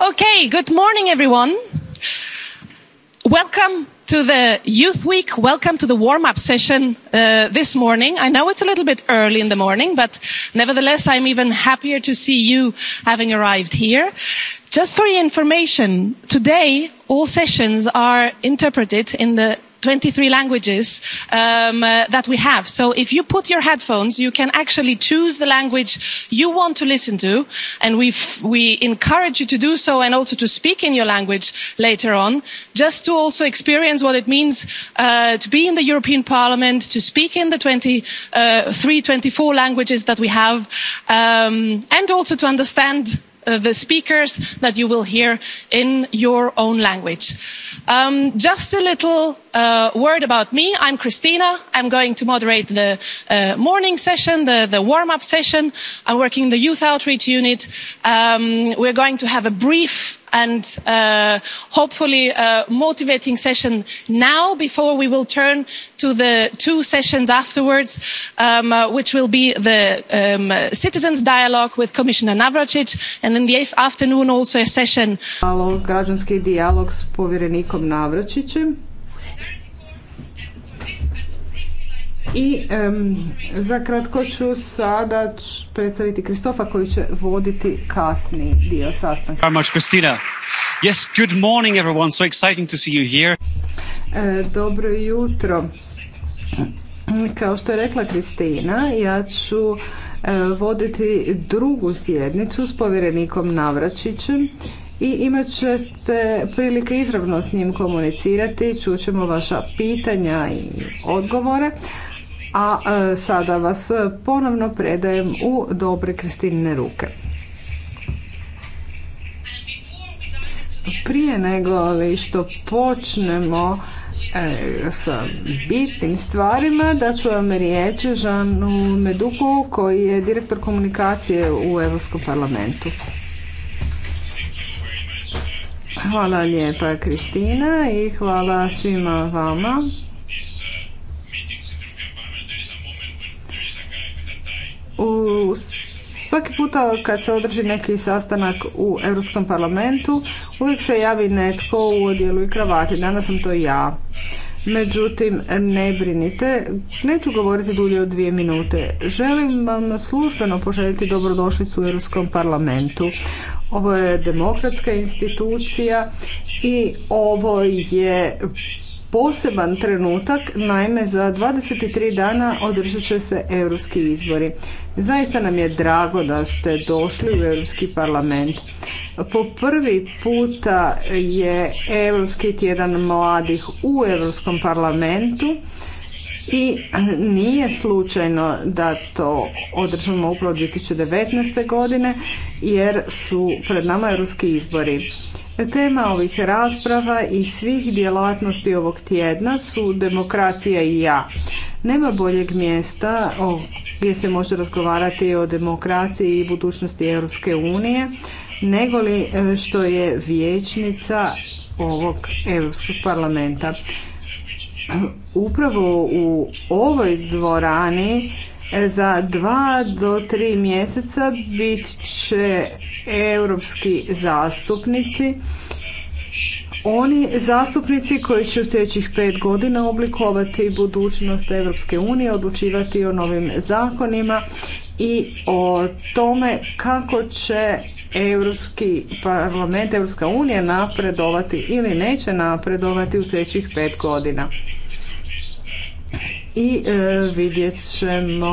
Okay, good morning everyone. Welcome to the Youth Week. Welcome to the warm-up session uh, this morning. I know it's a little bit early in the morning, but nevertheless I'm even happier to see you having arrived here. Just for your information, today all sessions are interpreted in the twenty three languages um, uh, that we have so if you put your headphones you can actually choose the language you want to listen to and we we encourage you to do so and also to speak in your language later on just to also experience what it means uh, to be in the european parliament to speak in the twenty uh, three twenty four languages that we have um, and also to understand Uh, the speakers that you will hear in your own language. Um, just a little uh, word about me i'm christina i'm going to moderate the uh, morning session the, the warm up session i'm working in the youth outreach unit. Um, we're going to have a brief and uh, hopefully a uh, motivating session now before we will turn to the two sessions afterwards um, uh, which will be the um, citizens' dialogue with commissioner navracsics and in the afternoon also a session. građanski dijalog s povjerenikom I za kratko ću sada predstaviti Kristofa koji će voditi kasni dio sastanka. dobro jutro. Kao što je rekla Kristina, ja ću e, voditi drugu sjednicu s povjerenikom Navračićem i imat ćete prilike izravno s njim komunicirati, čućemo vaša pitanja i odgovore a e, sada vas ponovno predajem u dobre Kristinine ruke. Prije nego li što počnemo e, sa bitnim stvarima, da ću vam riječ Žanu Meduku koji je direktor komunikacije u Europskom parlamentu. Hvala lijepa Kristina i hvala svima vama. U Svaki puta kad se održi neki sastanak u Europskom parlamentu, uvijek se javi netko u odjelu i kravati. Danas sam to ja. Međutim, ne brinite, neću govoriti dulje od dvije minute. Želim vam službeno poželjeti dobrodošlicu u Europskom parlamentu. Ovo je demokratska institucija i ovo je poseban trenutak, naime za 23 dana održat će se europski izbori. Zaista nam je drago da ste došli u Europski parlament. Po prvi puta je Europski tjedan mladih u Europskom parlamentu i nije slučajno da to održamo upravo 2019. godine jer su pred nama europski izbori. Tema ovih rasprava i svih djelatnosti ovog tjedna su demokracija i ja. Nema boljeg mjesta gdje se može razgovarati o demokraciji i budućnosti Europske unije nego li e, što je vijećnica ovog Europskog parlamenta. Upravo u ovoj dvorani za dva do tri mjeseca bit će europski zastupnici oni zastupnici koji će u sljedećih pet godina oblikovati budućnost Europske unije, odlučivati o novim zakonima i o tome kako će Europski parlament, Europska unija napredovati ili neće napredovati u sljedećih pet godina i e, vidjet ćemo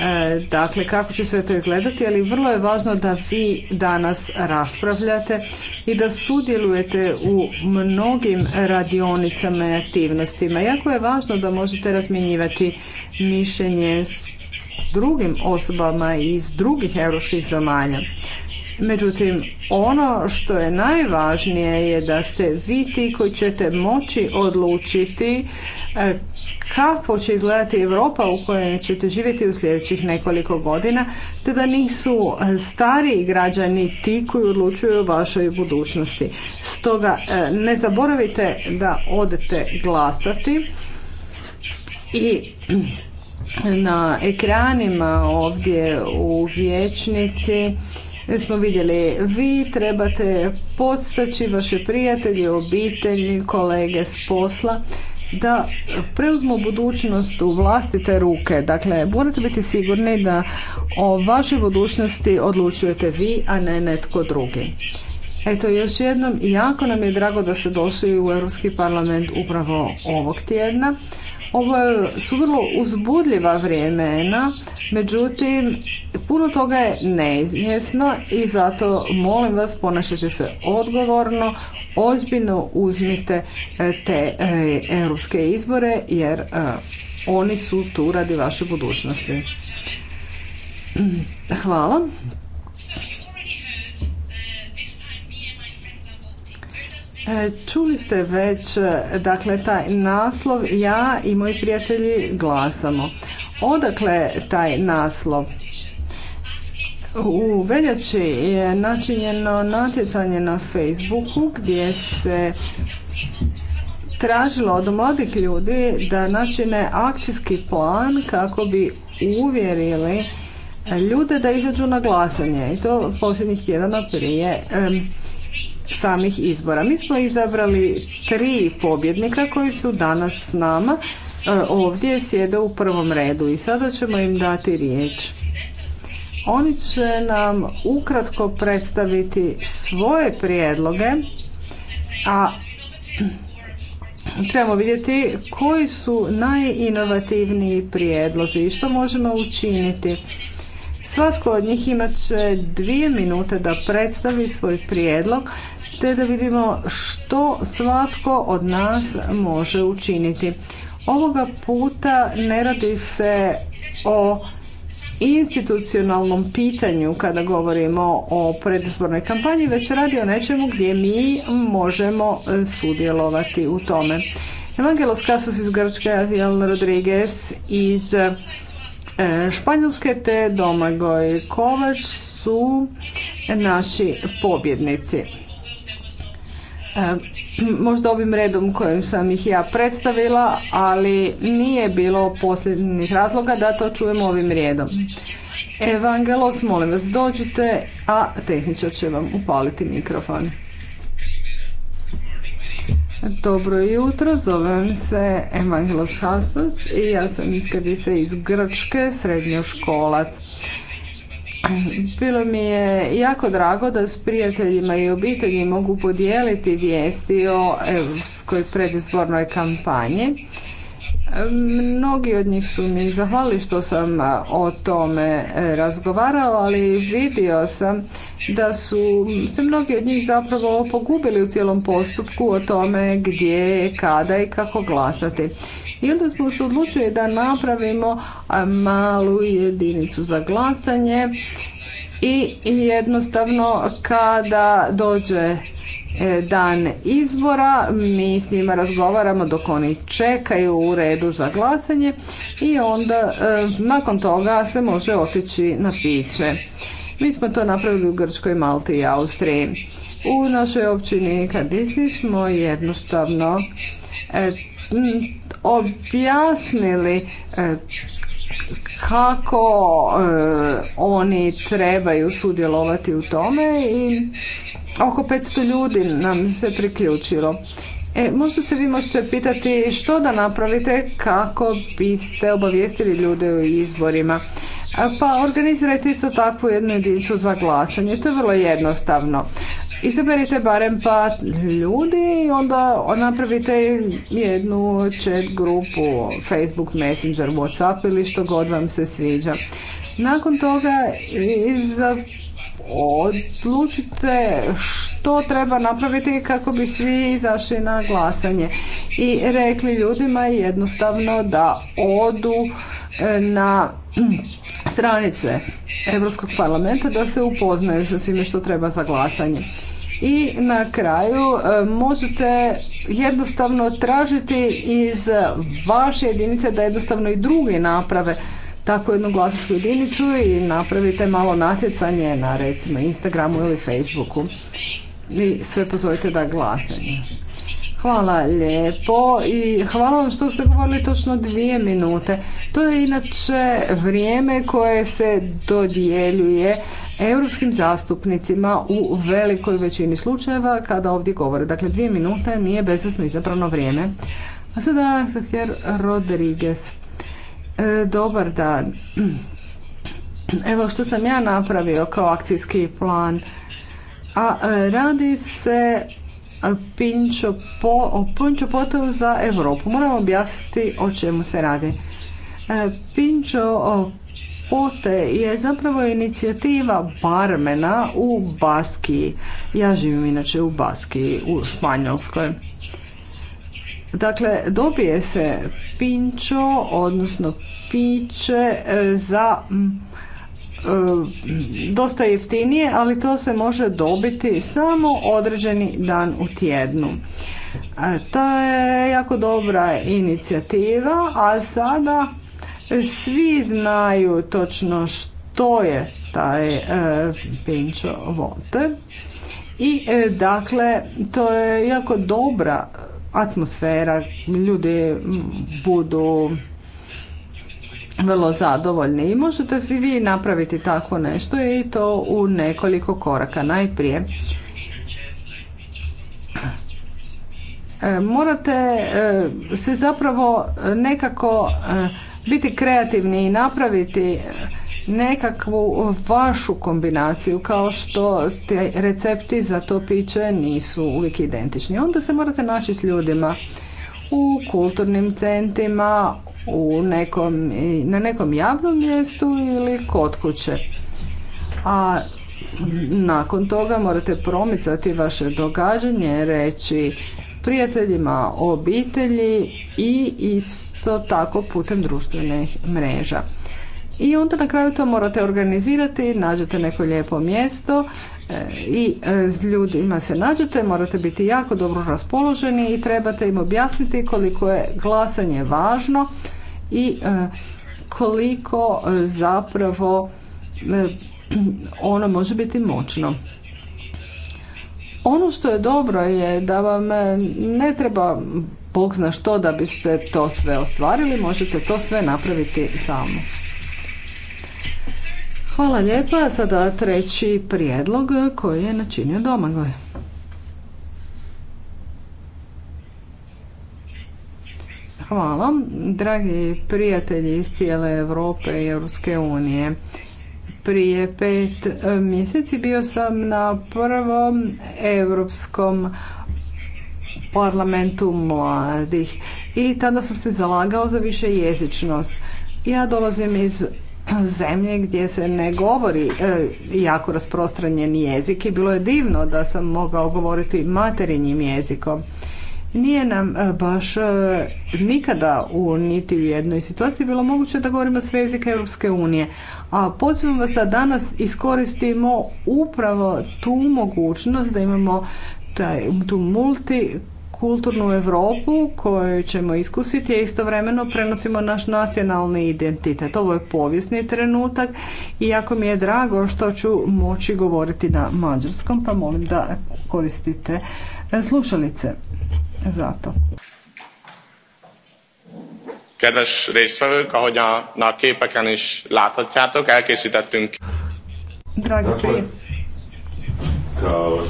e, dakle kako će sve to izgledati, ali vrlo je važno da vi danas raspravljate i da sudjelujete u mnogim radionicama i aktivnostima. Jako je važno da možete razmjenjivati mišljenje s drugim osobama iz drugih europskih zemalja. Međutim, ono što je najvažnije je da ste vi ti koji ćete moći odlučiti e, kako će izgledati Europa u kojoj ćete živjeti u sljedećih nekoliko godina, te da nisu stariji građani ti koji odlučuju o vašoj budućnosti. Stoga e, ne zaboravite da odete glasati i na ekranima ovdje u vijećnici smo vidjeli. Vi trebate podstaći vaše prijatelje, obitelji, kolege s posla da preuzmu budućnost u vlastite ruke. Dakle, morate biti sigurni da o vašoj budućnosti odlučujete vi, a ne netko drugi. Eto, još jednom, jako nam je drago da ste došli u Europski parlament upravo ovog tjedna. Ovo su vrlo uzbudljiva vremena, međutim, puno toga je neizmjesno i zato molim vas ponašajte se odgovorno, ozbiljno uzmite e, te e, europske izbore jer e, oni su tu radi vaše budućnosti. Hvala. E, čuli ste već, e, dakle, taj naslov, ja i moji prijatelji glasamo. Odakle taj naslov? U veljači je načinjeno natjecanje na Facebooku gdje se tražilo od mladih ljudi da načine akcijski plan kako bi uvjerili ljude da izađu na glasanje i to posljednjih tjedana prije samih izbora. Mi smo izabrali tri pobjednika koji su danas s nama e, ovdje sjede u prvom redu i sada ćemo im dati riječ. Oni će nam ukratko predstaviti svoje prijedloge, a trebamo vidjeti koji su najinovativniji prijedlozi i što možemo učiniti. Svatko od njih imat će dvije minute da predstavi svoj prijedlog te da vidimo što svatko od nas može učiniti. Ovoga puta ne radi se o institucionalnom pitanju kada govorimo o predizbornoj kampanji, već radi o nečemu gdje mi možemo sudjelovati u tome. Evangelos Kasus iz Grčke, Azijel Rodriguez iz e, Španjolske te Domagoj Kovač su naši pobjednici. Ehm, možda ovim redom kojim sam ih ja predstavila, ali nije bilo posljednjih razloga da to čujemo ovim redom. Evangelos, molim vas, dođite, a tehničar će vam upaliti mikrofon. Dobro jutro, zovem se Evangelos Hasos i ja sam iskadica iz Grčke, srednjoškolac. Bilo mi je jako drago da s prijateljima i obitelji mogu podijeliti vijesti o europskoj predizbornoj kampanji. Mnogi od njih su mi zahvalili što sam o tome e, razgovarao, ali vidio sam da su se mnogi od njih zapravo pogubili u cijelom postupku o tome gdje, kada i kako glasati. I onda smo se odlučili da napravimo malu jedinicu za glasanje i jednostavno kada dođe e, dan izbora, mi s njima razgovaramo dok oni čekaju u redu za glasanje i onda e, nakon toga se može otići na piće. Mi smo to napravili u Grčkoj, Malti i Austriji. U našoj općini kadisi smo jednostavno e, objasnili e, kako e, oni trebaju sudjelovati u tome i oko 500 ljudi nam se priključilo. E, možda se vi možete pitati što da napravite kako biste obavijestili ljude u izborima. E, pa organizirajte isto takvu jednu jedinicu za glasanje. To je vrlo jednostavno izaberite barem pa ljudi i onda napravite jednu chat grupu, Facebook, Messenger, Whatsapp ili što god vam se sviđa. Nakon toga odlučite što treba napraviti kako bi svi izašli na glasanje i rekli ljudima jednostavno da odu e, na stranice Europskog parlamenta da se upoznaju sa svime što treba za glasanje. I na kraju e, možete jednostavno tražiti iz vaše jedinice da jednostavno i drugi naprave takvu jednu glasačku jedinicu i napravite malo natjecanje na recimo Instagramu ili Facebooku i sve pozovite da glasanje. Hvala lijepo i hvala vam što ste govorili točno dvije minute. To je inače vrijeme koje se dodjeljuje europskim zastupnicima u velikoj većini slučajeva kada ovdje govore. Dakle, dvije minute nije bezvesno izabrano vrijeme. A sada Xavier Rodriguez. E, dobar dan. Evo što sam ja napravio kao akcijski plan. A e, radi se pinčo po, o za Europu. Moram objasniti o čemu se radi. E, pinčo Ote je zapravo inicijativa barmena u Baskiji. Ja živim inače u Baskiji, u Španjolskoj. Dakle, dobije se pinčo, odnosno piće e, za e, dosta jeftinije, ali to se može dobiti samo određeni dan u tjednu. E, to je jako dobra inicijativa, a sada svi znaju točno što je taj e, Pinch vote i e, dakle to je jako dobra atmosfera, ljudi budu vrlo zadovoljni i možete si vi napraviti tako nešto i to u nekoliko koraka. Najprije E, morate e, se zapravo nekako e, biti kreativni i napraviti nekakvu vašu kombinaciju kao što te recepti za to piće nisu uvijek identični. Onda se morate naći s ljudima u kulturnim centima, u nekom, na nekom javnom mjestu ili kod kuće. A nakon toga morate promicati vaše događanje, reći prijateljima, obitelji i isto tako putem društvenih mreža. I onda na kraju to morate organizirati, nađete neko lijepo mjesto e, i e, s ljudima se nađete, morate biti jako dobro raspoloženi i trebate im objasniti koliko je glasanje važno i e, koliko zapravo ono može biti moćno. Ono što je dobro je da vam e, ne treba Bog zna što da biste to sve ostvarili, možete to sve napraviti samo. Hvala lijepa, sada treći prijedlog koji je načinio Domagoj. Hvala, dragi prijatelji iz cijele Europe i Europske unije prije pet e, mjeseci bio sam na prvom europskom parlamentu mladih i tada sam se zalagao za više jezičnost. Ja dolazim iz zemlje gdje se ne govori e, jako rasprostranjen jezik i bilo je divno da sam mogao govoriti materinjim jezikom. Nije nam e, baš e, nikada u niti u jednoj situaciji bilo moguće da govorimo sve jezike Europske unije. A pozivam vas da danas iskoristimo upravo tu mogućnost da imamo taj, tu multikulturnu Europu koju ćemo iskusiti, i istovremeno prenosimo naš nacionalni identitet. Ovo je povijesni trenutak i jako mi je drago što ću moći govoriti na mađarskom, pa molim da koristite e, slušalice za to. Kedves résztvevők, képeken is láthatjátok, elkészítettünk a kérdést. Kao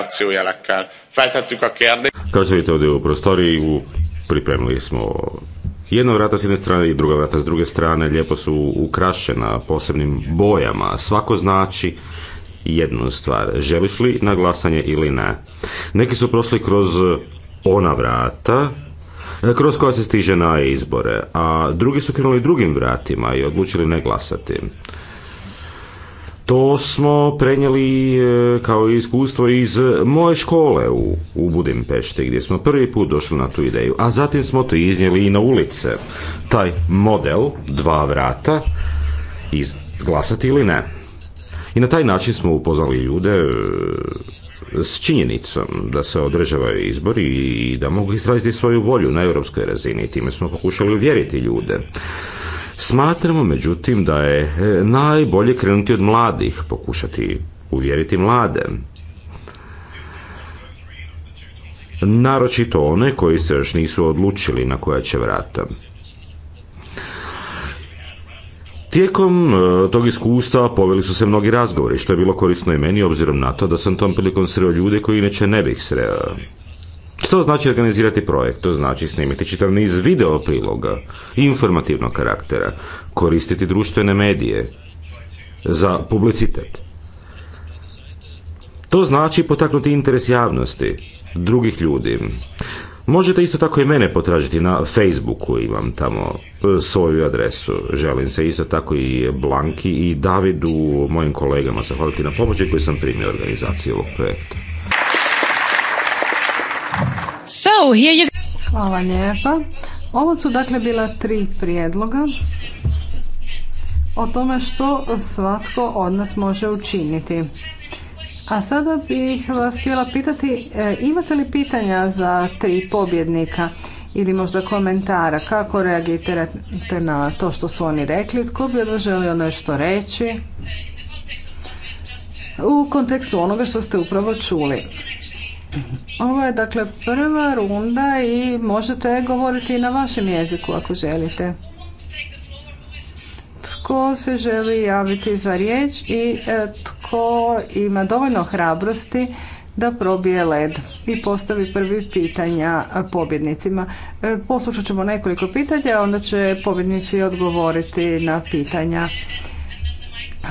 što vidite ovdje u prostoriji, pripremili smo jedno vrata s jedne strane i druga vrata s druge strane lijepo su ukrašena posebnim bojama. Svako znači jednu stvar. Želiš li na glasanje ili ne? Neki su prošli kroz ona vrata e, kroz koja se stiže na izbore, a drugi su krenuli drugim vratima i odlučili ne glasati. To smo prenijeli e, kao iskustvo iz moje škole u, u Budimpešti gdje smo prvi put došli na tu ideju, a zatim smo to iznijeli i na ulice. Taj model, dva vrata, iz, glasati ili ne. I na taj način smo upoznali ljude e, s činjenicom da se održavaju izbori i da mogu izraziti svoju volju na europskoj razini. Time smo pokušali uvjeriti ljude. Smatramo, međutim, da je e, najbolje krenuti od mladih, pokušati uvjeriti mlade. Naročito one koji se još nisu odlučili na koja će vrata. Tijekom e, tog iskustva poveli su se mnogi razgovori, što je bilo korisno i meni obzirom na to da sam tom prilikom sreo ljude koji inače ne bih sreo. Što znači organizirati projekt? To znači snimiti čitav niz video priloga, informativnog karaktera, koristiti društvene medije za publicitet. To znači potaknuti interes javnosti, drugih ljudi. Možete isto tako i mene potražiti na Facebooku, imam tamo e, svoju adresu. Želim se isto tako i Blanki i Davidu, mojim kolegama, zahvaliti na pomoći koju sam primio organizaciji ovog projekta. So, here you... Hvala lijepa. Ovo su dakle bila tri prijedloga o tome što svatko od nas može učiniti. A sada bih vas htjela pitati, e, imate li pitanja za tri pobjednika ili možda komentara? Kako reagirate na to što su oni rekli? Tko bi od vas želio nešto reći? U kontekstu onoga što ste upravo čuli. Ovo je dakle prva runda i možete govoriti i na vašem jeziku ako želite tko se želi javiti za riječ i e, tko ima dovoljno hrabrosti da probije led i postavi prvi pitanja pobjednicima. E, poslušat ćemo nekoliko pitanja, onda će pobjednici odgovoriti na pitanja e,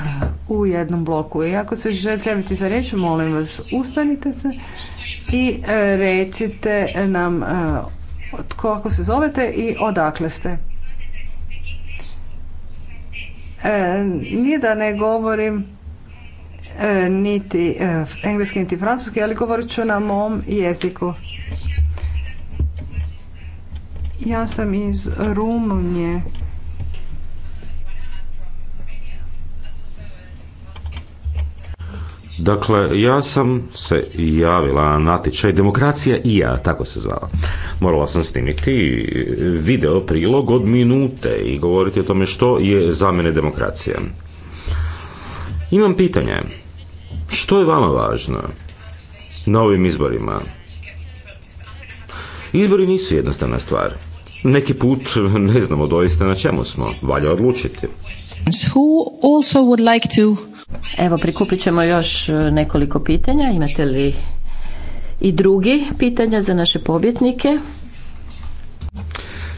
u jednom bloku. I ako se želite javiti za riječ, molim vas, ustanite se i recite nam tko ako se zovete i odakle ste. E, nije da ne govorim e, niti e, engleski, niti francuski, ali govorit ću na mom jeziku. Ja sam iz Rumunije Dakle, ja sam se javila na natječaj Demokracija i ja, tako se zvala. Morala sam snimiti video prilog od minute i govoriti o tome što je za mene demokracija. Imam pitanje. Što je vama važno na ovim izborima? Izbori nisu jednostavna stvar. Neki put ne znamo doista na čemu smo. Valja odlučiti. Who also would like to Evo, prikupit ćemo još e, nekoliko pitanja. Imate li i drugi pitanja za naše pobjetnike?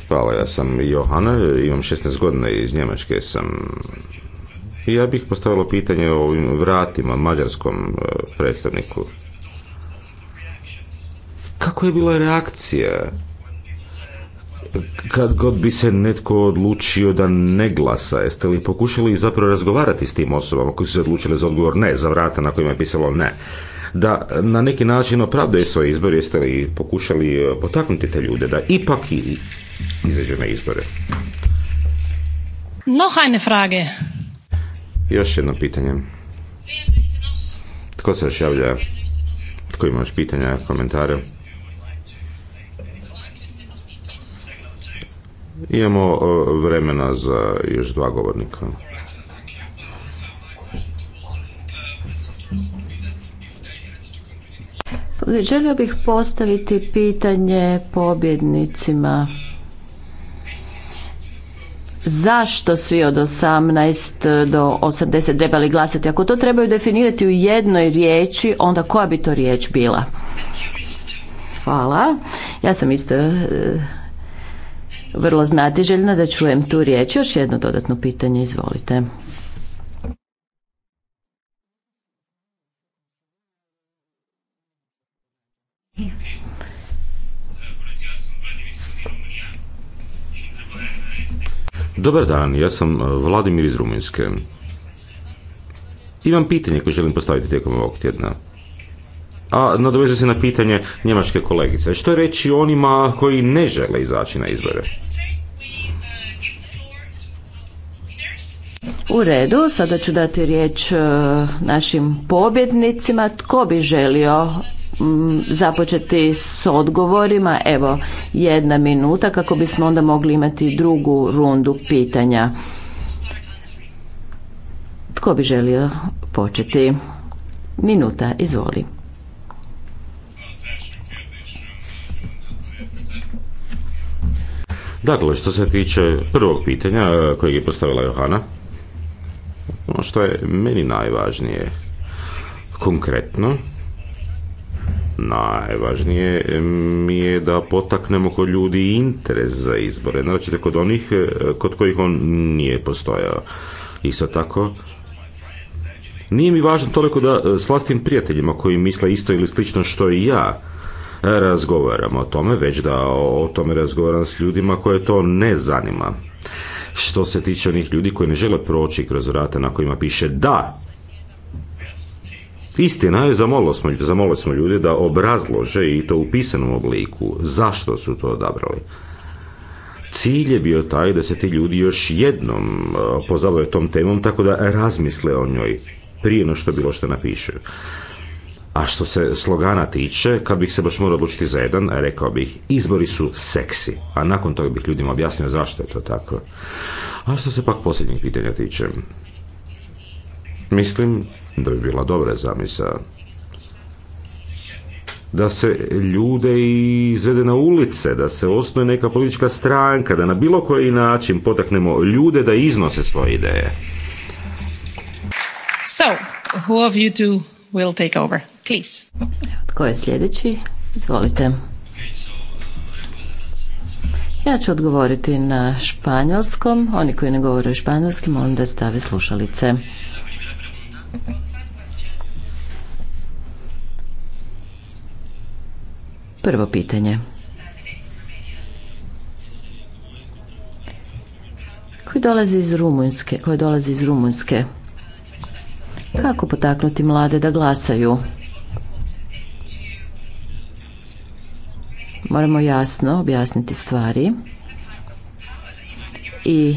Hvala, ja sam Johana, imam 16 godina iz Njemačke sam. Ja bih postavila pitanje o ovim vratima, mađarskom e, predstavniku. Kako je bila reakcija kad god bi se netko odlučio da ne glasa, jeste li pokušali zapravo razgovarati s tim osobama koji su se odlučili za odgovor ne, za vrata na kojima je pisalo ne, da na neki način opravdaju svoje izbore, jeste li pokušali e, potaknuti te ljude da ipak izađu na izbore? No hajne Frage. Još jedno pitanje. Tko se još javlja? Tko ima još pitanja, komentare? Imamo e, vremena za još dva govornika. Želio bih postaviti pitanje pobjednicima. Zašto svi od 18 do 80 trebali glasati? Ako to trebaju definirati u jednoj riječi, onda koja bi to riječ bila? Hvala. Ja sam isto e, vrlo znatiželjna da čujem tu riječ. Još jedno dodatno pitanje, izvolite. Dobar dan, ja sam e, Vladimir iz Rumunjske. Imam pitanje koje želim postaviti tijekom ovog tjedna a se na pitanje njemačke kolegice. Što reći onima koji ne žele izaći na izbore? U redu, sada ću dati riječ e, našim pobjednicima. Tko bi želio započeti s odgovorima? Evo, jedna minuta kako bismo onda mogli imati drugu rundu pitanja. Tko bi želio početi? Minuta, izvoli. Dakle, što se tiče prvog pitanja e, kojeg je postavila Johana, ono što je meni najvažnije konkretno, najvažnije e, mi je da potaknemo kod ljudi interes za izbore, da kod onih e, kod kojih on nije postojao. Isto tako, nije mi važno toliko da s vlastim prijateljima koji misle isto ili slično što i ja, razgovaram o tome, već da o tome razgovaram s ljudima koje to ne zanima. Što se tiče onih ljudi koji ne žele proći kroz vrata na kojima piše da, Istina je, zamolili smo, zamolili smo ljudi da obrazlože i to u pisanom obliku zašto su to odabrali. Cilj je bio taj da se ti ljudi još jednom e, pozabave tom temom tako da razmisle o njoj prije no što bilo što napišu. A što se slogana tiče, kad bih se baš morao odlučiti za jedan, rekao bih, izbori su seksi. A nakon toga bih ljudima objasnio zašto je to tako. A što se pak posljednjih pitanja tiče, mislim da bi bila dobra zamisa da se ljude izvede na ulice, da se osnuje neka politička stranka, da na bilo koji način potaknemo ljude da iznose svoje ideje. So, who of you two will take over? Please. Tko je sljedeći? Izvolite. Ja ću odgovoriti na španjolskom. Oni koji ne govore španjolski, molim da stave slušalice. Prvo pitanje. Koji dolazi iz Rumunjske, koje dolazi iz Rumunjske. Kako potaknuti mlade da glasaju? Moramo jasno objasniti stvari i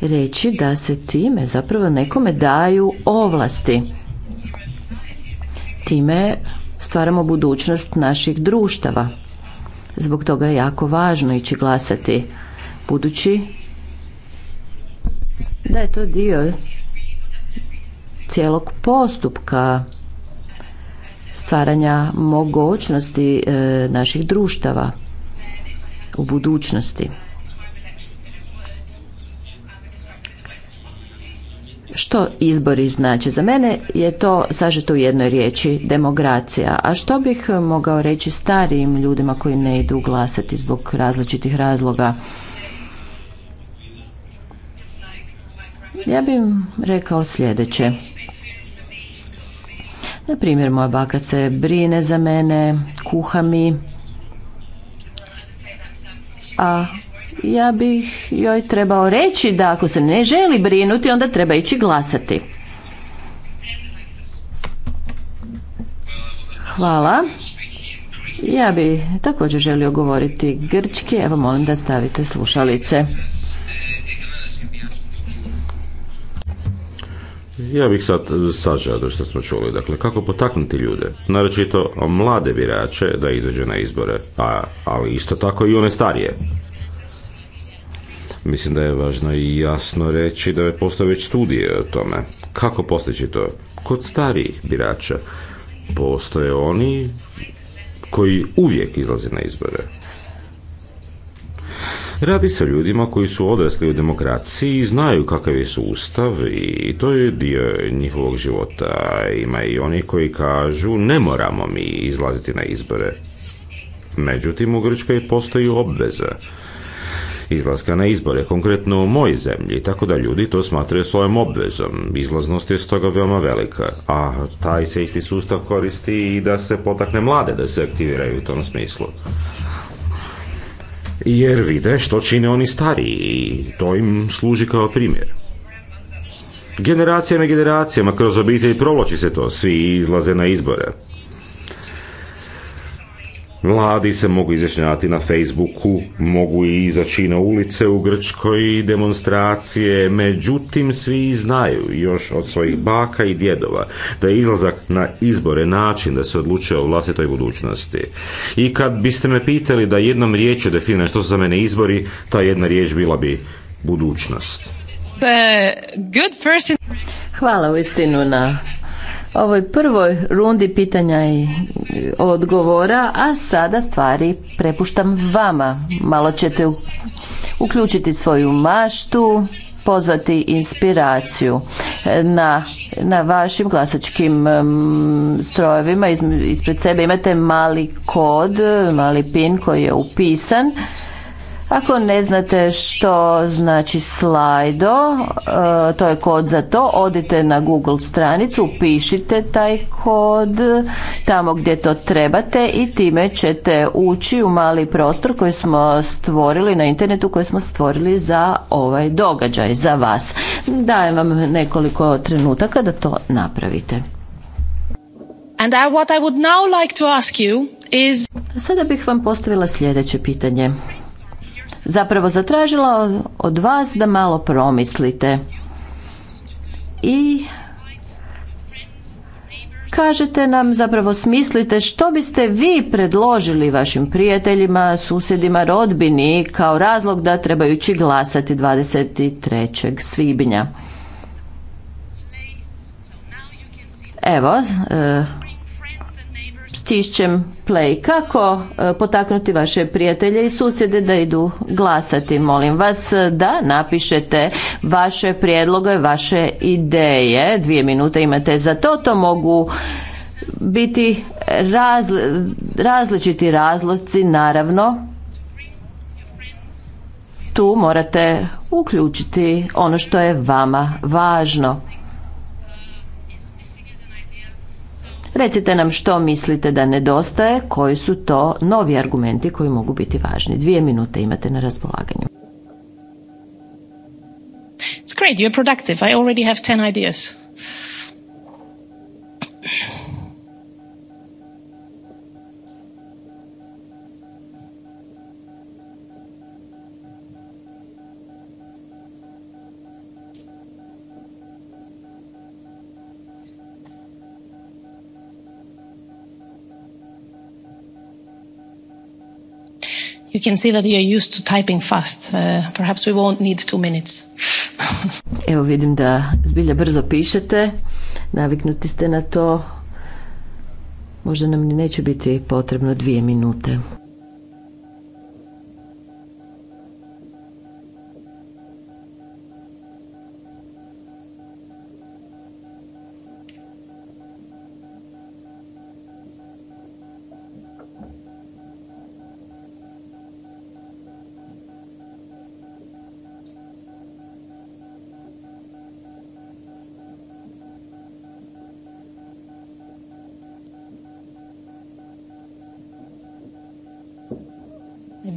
reći da se time zapravo nekome daju ovlasti. Time stvaramo budućnost naših društava. Zbog toga je jako važno ići glasati budući da je to dio cijelog postupka stvaranja mogućnosti e, naših društava u budućnosti. Što izbori znači? Za mene je to sažeto u jednoj riječi, demokracija. A što bih mogao reći starijim ljudima koji ne idu glasati zbog različitih razloga? Ja bih rekao sljedeće. Na primjer, moja baka se brine za mene, kuha mi, a ja bih joj trebao reći da ako se ne želi brinuti, onda treba ići glasati. Hvala. Ja bi također želio govoriti grčki, evo molim da stavite slušalice. Ja bih sad sažao što smo čuli. Dakle, kako potaknuti ljude, naročito mlade birače, da izađu na izbore, ali isto tako i one starije. Mislim da je važno i jasno reći da je postao već studije o tome. Kako postići to? Kod starijih birača postoje oni koji uvijek izlaze na izbore. Radi se o ljudima koji su odrasli u demokraciji i znaju kakav je sustav i to je dio njihovog života. Ima i oni koji kažu ne moramo mi izlaziti na izbore. Međutim, u Grčkoj postoji obveza izlaska na izbore, konkretno u mojoj zemlji, tako da ljudi to smatraju svojom obvezom. Izlaznost je stoga veoma velika, a taj se isti sustav koristi i da se potakne mlade da se aktiviraju u tom smislu jer vide što čine oni stariji i to im služi kao primjer. Generacijama i generacijama kroz obitelj provlači se to, svi izlaze na izbore. Mladi se mogu izjašnjavati na Facebooku, mogu i izaći na ulice u Grčkoj demonstracije, međutim svi znaju još od svojih baka i djedova da je izlazak na izbore način da se odlučuje o vlastitoj budućnosti. I kad biste me pitali da jednom riječju definiram što su za mene izbori, ta jedna riječ bila bi budućnost. Hvala u istinu na ovoj prvoj rundi pitanja i odgovora, a sada stvari prepuštam vama. Malo ćete uključiti svoju maštu, pozvati inspiraciju na, na vašim glasačkim strojevima. Ispred sebe imate mali kod, mali pin koji je upisan ako ne znate što znači slajdo, e, to je kod za to, odite na Google stranicu, pišite taj kod tamo gdje to trebate i time ćete ući u mali prostor koji smo stvorili na internetu, koji smo stvorili za ovaj događaj, za vas. Dajem vam nekoliko trenutaka da to napravite. would now to ask Sada bih vam postavila sljedeće pitanje zapravo zatražila od vas da malo promislite. I kažete nam, zapravo smislite što biste vi predložili vašim prijateljima, susjedima, rodbini kao razlog da trebajući glasati 23. svibnja. Evo, e, stišćem play. Kako e, potaknuti vaše prijatelje i susjede da idu glasati? Molim vas e, da napišete vaše prijedloge, vaše ideje. Dvije minute imate za to. To mogu biti različiti razlozi, naravno. Tu morate uključiti ono što je vama važno. Recite nam što mislite da nedostaje, koji su to novi argumenti koji mogu biti važni. Dvije minute imate na raspolaganju. It's great, you're productive. I already have 10 ideas. you can see that you're used to typing fast. Uh, perhaps we won't need two minutes. Evo vidim da zbilja brzo pišete. Naviknuti ste na to. Možda nam neće biti potrebno dvije minute.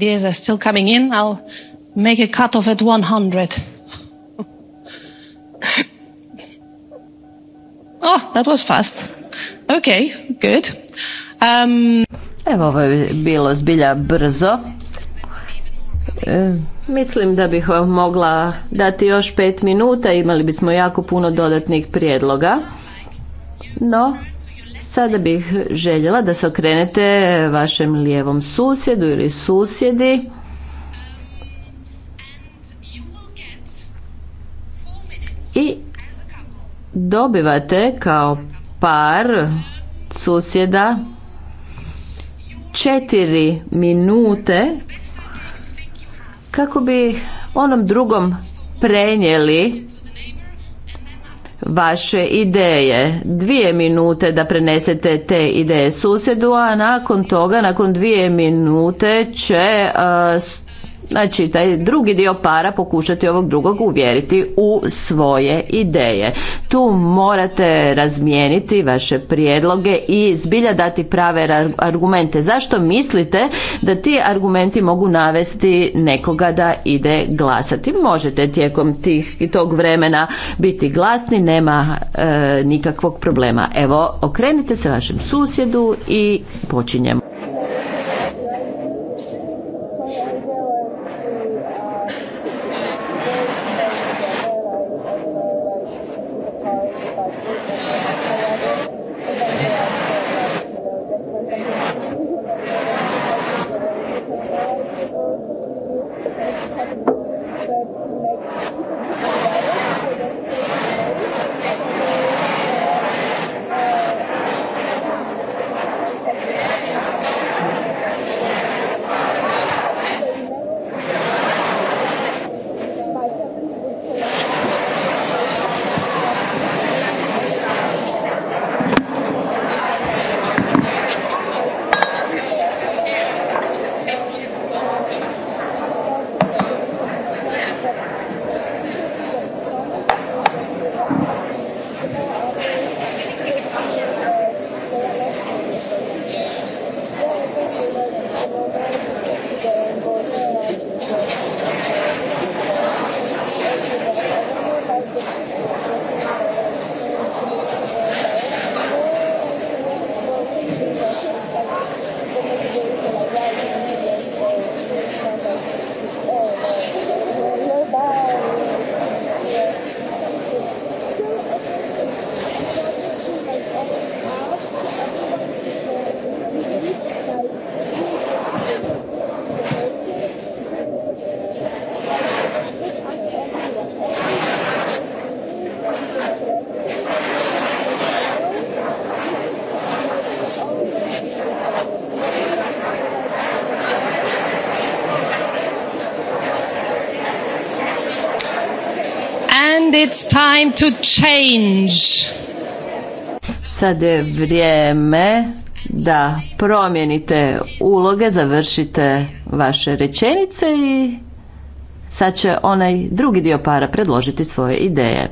ideas are still coming in. I'll make a cut off at 100. oh, that was fast. Okay, good. Um... Evo, ovo je bilo zbilja brzo. E, mislim da bih vam mogla dati još pet minuta, imali bismo jako puno dodatnih prijedloga. No, Sada bih željela da se okrenete vašem lijevom susjedu ili susjedi. I dobivate kao par susjeda četiri minute kako bi onom drugom prenijeli vaše ideje. Dvije minute da prenesete te ideje susjedu, a nakon toga, nakon dvije minute će znači taj drugi dio para pokušati ovog drugog uvjeriti u svoje ideje. Tu morate razmijeniti vaše prijedloge i zbilja dati prave argumente. Zašto mislite da ti argumenti mogu navesti nekoga da ide glasati? Možete tijekom tih i tog vremena biti glasni, nema e, nikakvog problema. Evo, okrenite se vašem susjedu i počinjemo. It's time to change. Sad je vrijeme da promijenite uloge, završite vaše rečenice i sad će onaj drugi dio para predložiti svoje ideje.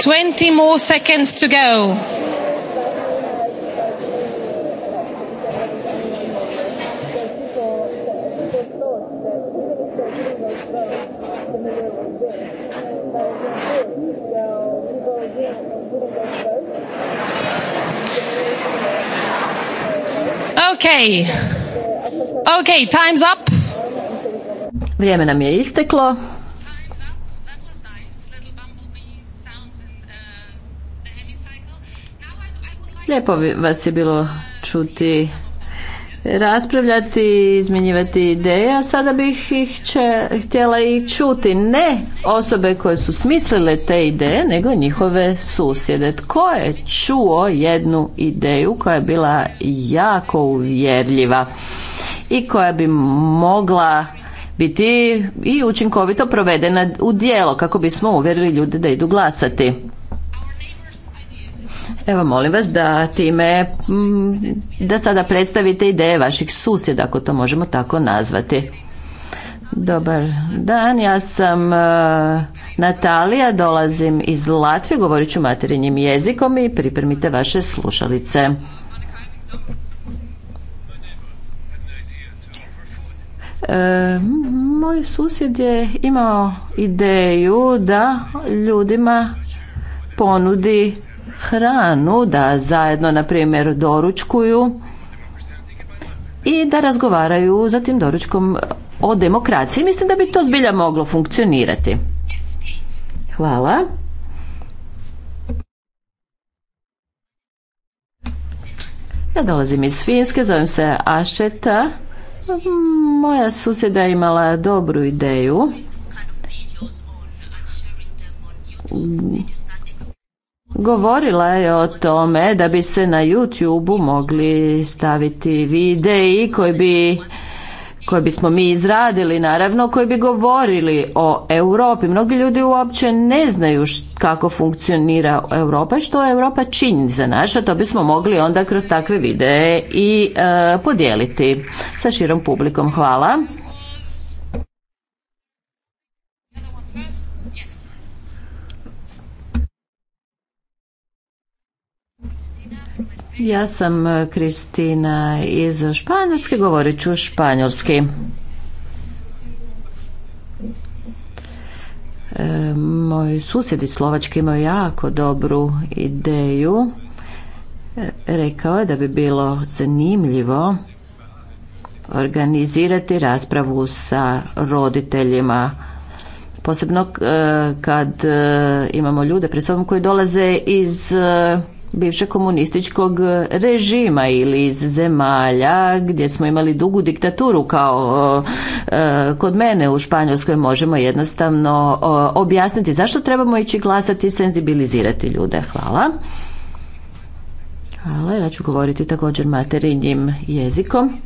Twenty more seconds to go. Okay. Okay, time's up. Vrijeme nam je isteklo. Lijepo vas je bilo čuti raspravljati, izmjenjivati ideje, a sada bih ih htjela i čuti ne osobe koje su smislile te ideje, nego njihove susjede. Tko je čuo jednu ideju koja je bila jako uvjerljiva i koja bi mogla biti i učinkovito provedena u dijelo kako bismo uvjerili ljude da idu glasati. Evo molim vas da time mm, da sada predstavite ideje vaših susjeda ako to možemo tako nazvati. Dobar dan, ja sam e, Natalija, dolazim iz Latvije, govorit ću materinjim jezikom i pripremite vaše slušalice. E, moj susjed je imao ideju da ljudima ponudi hranu, da zajedno, na primjer, doručkuju i da razgovaraju za tim doručkom o demokraciji. Mislim da bi to zbilja moglo funkcionirati. Hvala. Ja dolazim iz Finske, zovem se Ašeta. Moja susjeda je imala dobru ideju Govorila je o tome da bi se na YouTube-u mogli staviti videi koji bi koje bismo mi izradili naravno, koji bi govorili o Europi. Mnogi ljudi uopće ne znaju kako funkcionira Europa i što Europa čini za naša, to bismo mogli onda kroz takve videe i e, podijeliti sa širom publikom. Hvala. Ja sam e, Kristina iz Španjolske, govorit ću španjolski. Moj e, moji susjedi slovački imao jako dobru ideju. E, rekao je da bi bilo zanimljivo organizirati raspravu sa roditeljima posebno kad imamo ljude pred sobom koji dolaze iz bivšeg komunističkog režima ili iz zemalja gdje smo imali dugu diktaturu kao e, kod mene u Španjolskoj možemo jednostavno objasniti zašto trebamo ići glasati i senzibilizirati ljude. Hvala. Hvala, ja ću govoriti također materinjim jezikom.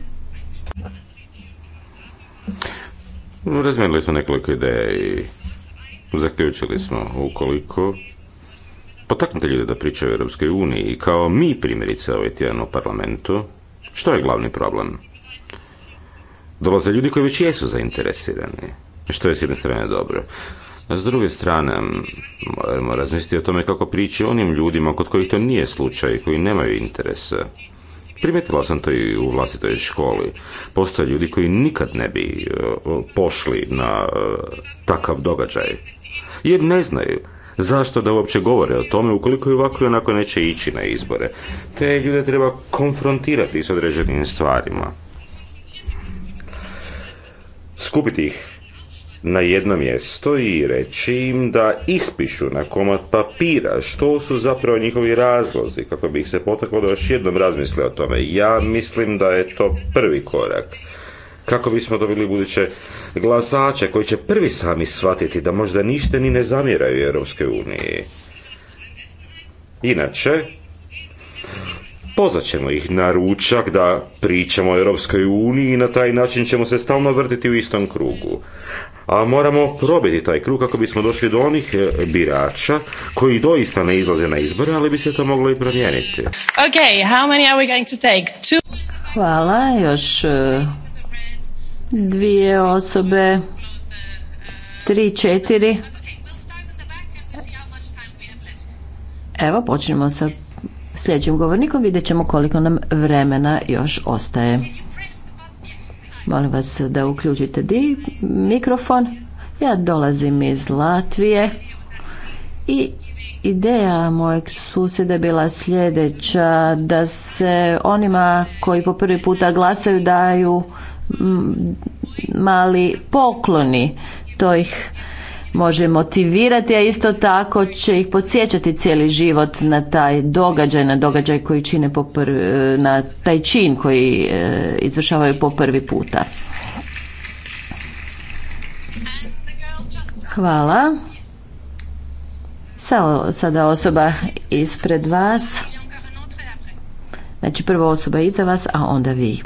Razmijenili smo nekoliko ideja i zaključili smo ukoliko Potaknuti ljude da pričaju o Europskoj uniji i kao mi primjerice ovaj tjedan u parlamentu, što je glavni problem? Dolaze ljudi koji već jesu zainteresirani, što je s jedne strane dobro. A s druge strane, moramo razmisliti o tome kako priči onim ljudima kod kojih to nije slučaj, koji nemaju interesa. Primijetila sam to i u vlastitoj školi. Postoje ljudi koji nikad ne bi e, pošli na e, takav događaj, jer ne znaju Zašto da uopće govore o tome ukoliko i ovako i onako neće ići na izbore? Te ljude treba konfrontirati s određenim stvarima. Skupiti ih na jedno mjesto i reći im da ispišu na komad papira što su zapravo njihovi razlozi kako bi ih se potaklo da još jednom razmisle o tome. Ja mislim da je to prvi korak kako bismo dobili buduće glasače koji će prvi sami shvatiti da možda ništa ni ne zamjeraju Europske unije. Inače, pozat ćemo ih na ručak da pričamo o Europskoj uniji i na taj način ćemo se stalno vrtiti u istom krugu. A moramo probiti taj krug kako bismo došli do onih e, birača koji doista ne izlaze na izbore, ali bi se to moglo i promijeniti. Hvala, još e, dvije osobe, tri, četiri. Evo, počnemo sa sljedećim govornikom. Vidjet ćemo koliko nam vremena još ostaje. Molim vas da uključite di mikrofon. Ja dolazim iz Latvije i ideja mojeg susjeda je bila sljedeća da se onima koji po prvi puta glasaju daju mali pokloni. To ih može motivirati, a isto tako će ih podsjećati cijeli život na taj događaj, na događaj koji čine po prvi, e, na taj čin koji e, izvršavaju po prvi puta. Hvala. Sada osoba ispred vas. Znači prvo osoba iza vas, a onda vi.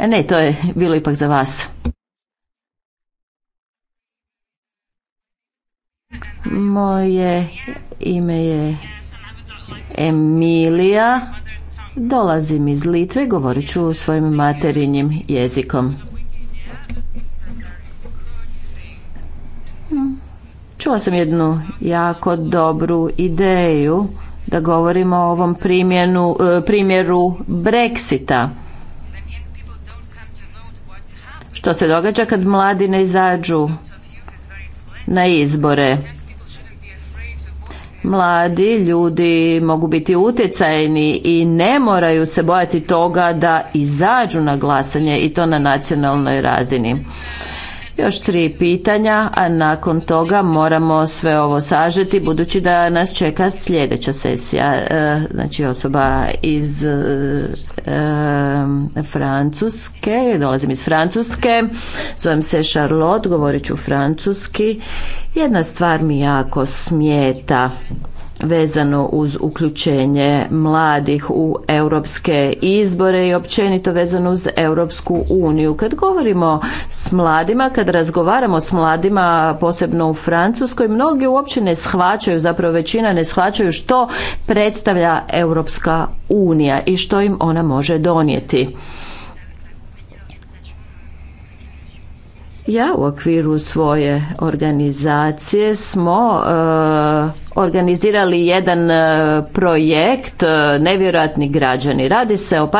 E, ne, to je bilo ipak za vas. Moje ime je Emilija. Dolazim iz Litve, govorit ću svojim materinjim jezikom. Hm. Čula sam jednu jako dobru ideju da govorimo o ovom primjenu, e, primjeru Brexita što se događa kad mladi ne izađu na izbore. Mladi ljudi mogu biti utjecajni i ne moraju se bojati toga da izađu na glasanje i to na nacionalnoj razini. Još tri pitanja, a nakon toga moramo sve ovo sažeti budući da nas čeka sljedeća sesija. E, znači osoba iz e, e, Francuske, dolazim iz Francuske, zovem se Charlotte, govorit ću francuski. Jedna stvar mi jako smijeta vezano uz uključenje mladih u europske izbore i općenito vezano uz Europsku uniju. Kad govorimo s mladima, kad razgovaramo s mladima, posebno u Francuskoj, mnogi uopće ne shvaćaju, zapravo većina ne shvaćaju što predstavlja Europska unija i što im ona može donijeti. Ja u okviru svoje organizacije smo eh, organizirali jedan eh, projekt eh, Nevjerojatni građani. Radi se o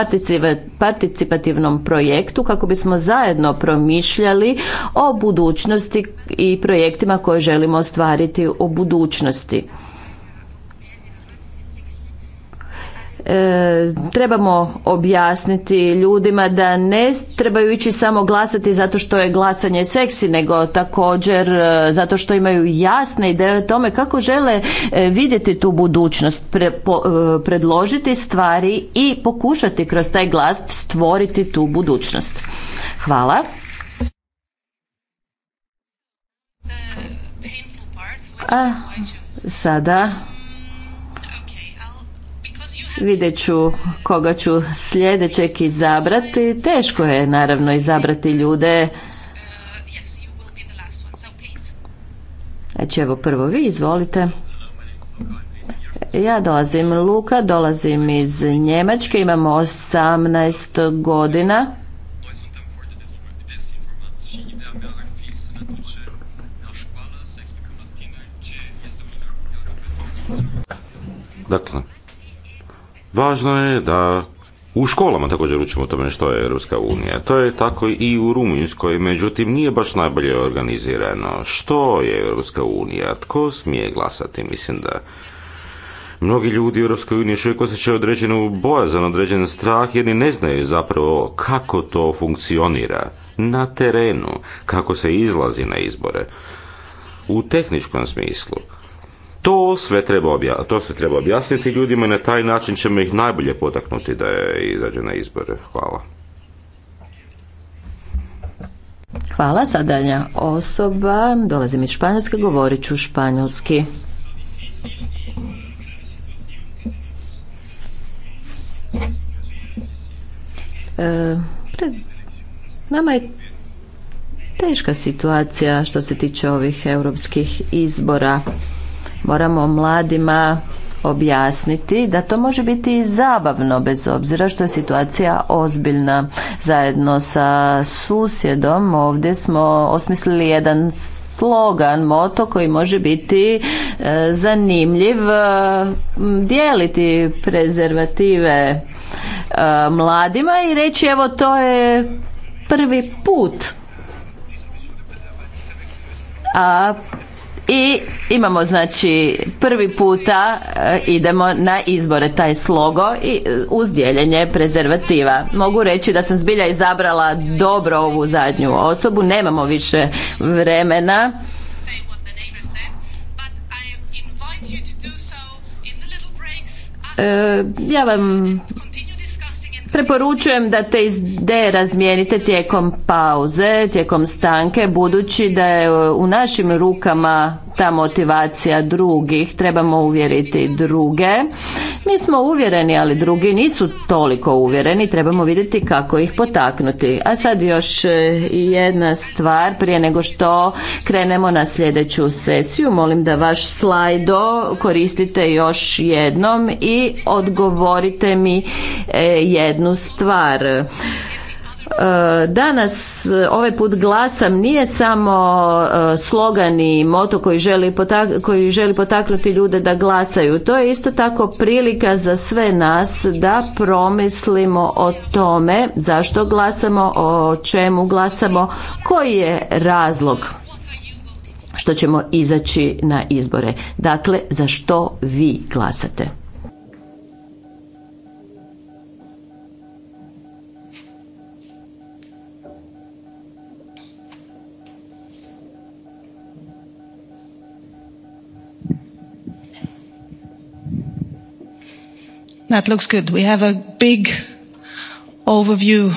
participativnom projektu kako bismo zajedno promišljali o budućnosti i projektima koje želimo ostvariti u budućnosti. E, trebamo objasniti ljudima da ne trebaju ići samo glasati zato što je glasanje seksi, nego također e, zato što imaju jasne ideje o tome kako žele e, vidjeti tu budućnost, predložiti stvari i pokušati kroz taj glas stvoriti tu budućnost. Hvala. sada Vidjet ću koga ću sljedećeg izabrati. Teško je naravno izabrati ljude. Znači evo prvo vi, izvolite. Ja dolazim Luka, dolazim iz Njemačke, imamo 18 godina. Dakle, Važno je da u školama također učimo o tome što je Europska unija. To je tako i u Rumunjskoj, međutim nije baš najbolje organizirano. Što je Europska unija? Tko smije glasati? Mislim da mnogi ljudi u Europskoj uniji još uvijek osjećaju određenu bojazan, određen strah jer ni ne znaju zapravo kako to funkcionira na terenu, kako se izlazi na izbore. U tehničkom smislu, to sve treba, obja to sve treba objasniti ljudima i na taj način ćemo ih najbolje potaknuti da je izađe na izbore. Hvala. Hvala, sadanja osoba. Dolazim iz Španjolske, govorit ću španjolski. E, nama je teška situacija što se tiče ovih europskih izbora. Moramo mladima objasniti da to može biti zabavno bez obzira što je situacija ozbiljna. Zajedno sa susjedom ovdje smo osmislili jedan slogan, moto koji može biti e, zanimljiv e, dijeliti prezervative e, mladima i reći evo to je prvi put. A i imamo znači prvi puta e, idemo na izbore taj slogo i e, uz dijeljenje prezervativa. Mogu reći da sam zbilja izabrala dobro ovu zadnju osobu, nemamo više vremena. E, ja vam Preporučujem da te izde razmijenite tijekom pauze, tijekom stanke, budući da je u našim rukama ta motivacija drugih, trebamo uvjeriti druge. Mi smo uvjereni, ali drugi nisu toliko uvjereni, trebamo vidjeti kako ih potaknuti. A sad još e, jedna stvar prije nego što krenemo na sljedeću sesiju, molim da vaš slajdo koristite još jednom i odgovorite mi e, jednu stvar. E, danas e, ovaj put glasam nije samo e, slogan i moto koji želi, koji želi potaknuti ljude da glasaju. To je isto tako prilika za sve nas da promislimo o tome zašto glasamo, o čemu glasamo, koji je razlog što ćemo izaći na izbore. Dakle, za što vi glasate? That looks good. We have a big overview.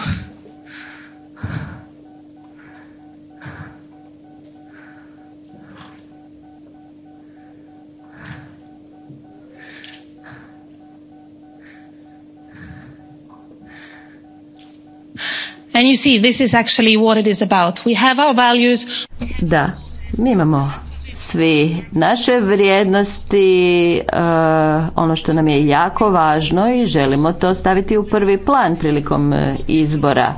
And you see, this is actually what it is about. We have our values. Da, mi svi naše vrijednosti, eh, ono što nam je jako važno i želimo to staviti u prvi plan prilikom eh, izbora.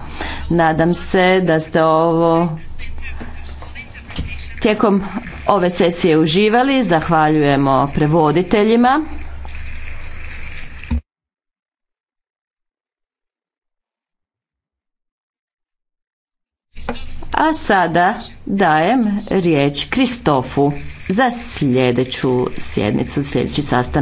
Nadam se da ste ovo tijekom ove sesije uživali. Zahvaljujemo prevoditeljima. A sada dajem riječ Kristofu za sljedeću sjednicu, sljedeći sastanak.